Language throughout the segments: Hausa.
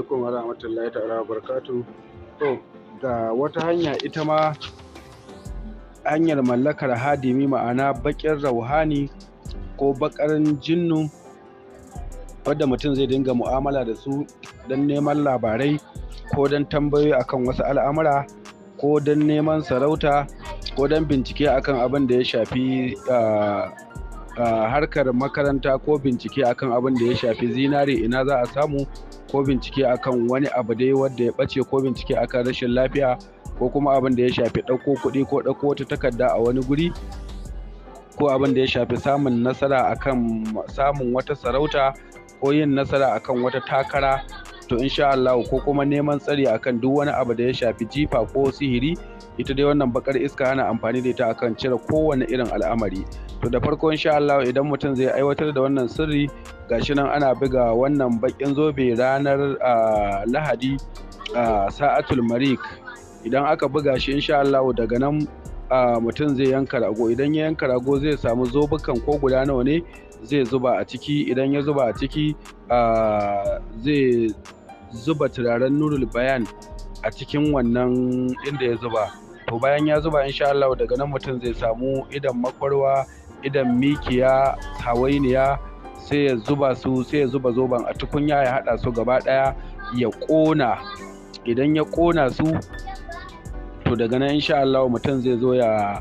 alaikum warahmatullahi ta'ala wa barakatu. To, ga wata hanya ita ma hanyar mallakar hadimi ma'ana bakin rauhani ko baƙar jinnu wadda mutum zai dinga mu'amala da su don neman labarai ko don tambayoyi akan wasu al'amura ko don neman sarauta ko don bincike akan abin da ya shafi ah, harkar makaranta ko bincike akan abin da ya shafi zinare ina za a samu ko bincike akan wani abu dai wanda ya ɓace ko bincike akan rashin lafiya ko kuma abin da ya shafi ɗauko kuɗi ko ɗauko wata takarda a wani guri ko abin da ya shafi samun nasara akan samun wata sarauta ko yin nasara akan wata takara to insha Allah ko kuma neman tsari akan duk wani abu da ya shafi jifa ko sihiri ita dai wannan bakar iska hana amfani da ita akan cire kowane irin al'amari to da farko insha Allah idan mutum zai aiwatar da wannan sirri gashi nan ana buga wannan bakin zobe ranar Lahadi sa'atul marik idan aka buga shi insha Allah daga nan mutum zai yanka rago idan ya yanka rago zai samu zobukan ko guda nawa ne zai zuba a ciki idan ya zuba a ciki zai zuba turaren nurul bayan a cikin wannan inda ya zuba to bayan ya zuba insha Allah daga nan mutum zai samu idan makwarwa idan mikiya hawainiya sai ya zuba su sai ya zuba zoban a tukunya ya hada su gaba daya ya kona idan ya kona su to daga nan insha Allah mutum zai zo ya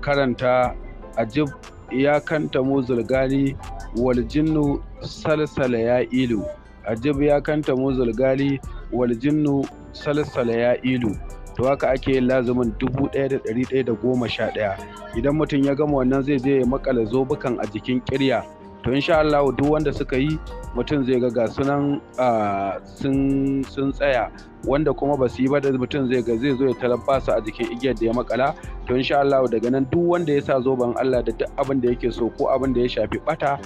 karanta ajib ya kanta mu zulgani wal jinnu salsala ya ilu ajib ya kanta muzul gali wal jinnu salsala ya ilu to haka ake yin lazumin ɗaya da da ɗari goma sha ɗaya, idan mutum ya gama wannan zai je ya makala zobukan a jikin kirya to insha Allah duk wanda suka yi mutum zai ga sunan sun tsaya wanda kuma ba su yi ba da mutum zai ga zai zo ya talabba su a jikin igiyar da ya makala to insha Allah daga nan duk wanda ya sa zoben Allah da duk abin da yake so ko abin da ya shafi bata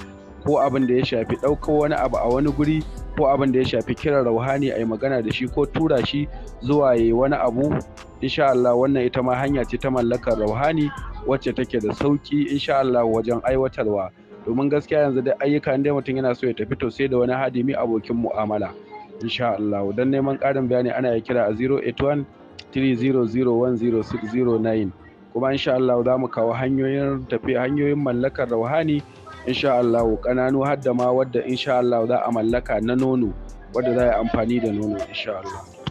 ko abin da ya shafi ɗaukar wani abu a wani guri ko abin da ya shafi kiran rauhani a yi magana da shi ko tura shi zuwa ya wani abu insha Allah wannan ita ma hanya ce ta mallakar rauhani wacce take da sauki insha Allah wajen aiwatarwa domin gaskiya yanzu da ayyuka da mutum yana so ya tafi to sai da wani hadimi abokin mu'amala insha Allah don neman karin bayani ana ya kira a 081 3001069 kuma insha Allah za mu kawo hanyoyin tafiya hanyoyin mallakar rauhani insha Allah ƙananu har da ma wadda insha Allah za a mallaka na nono wadda za a yi amfani da nono insha Allah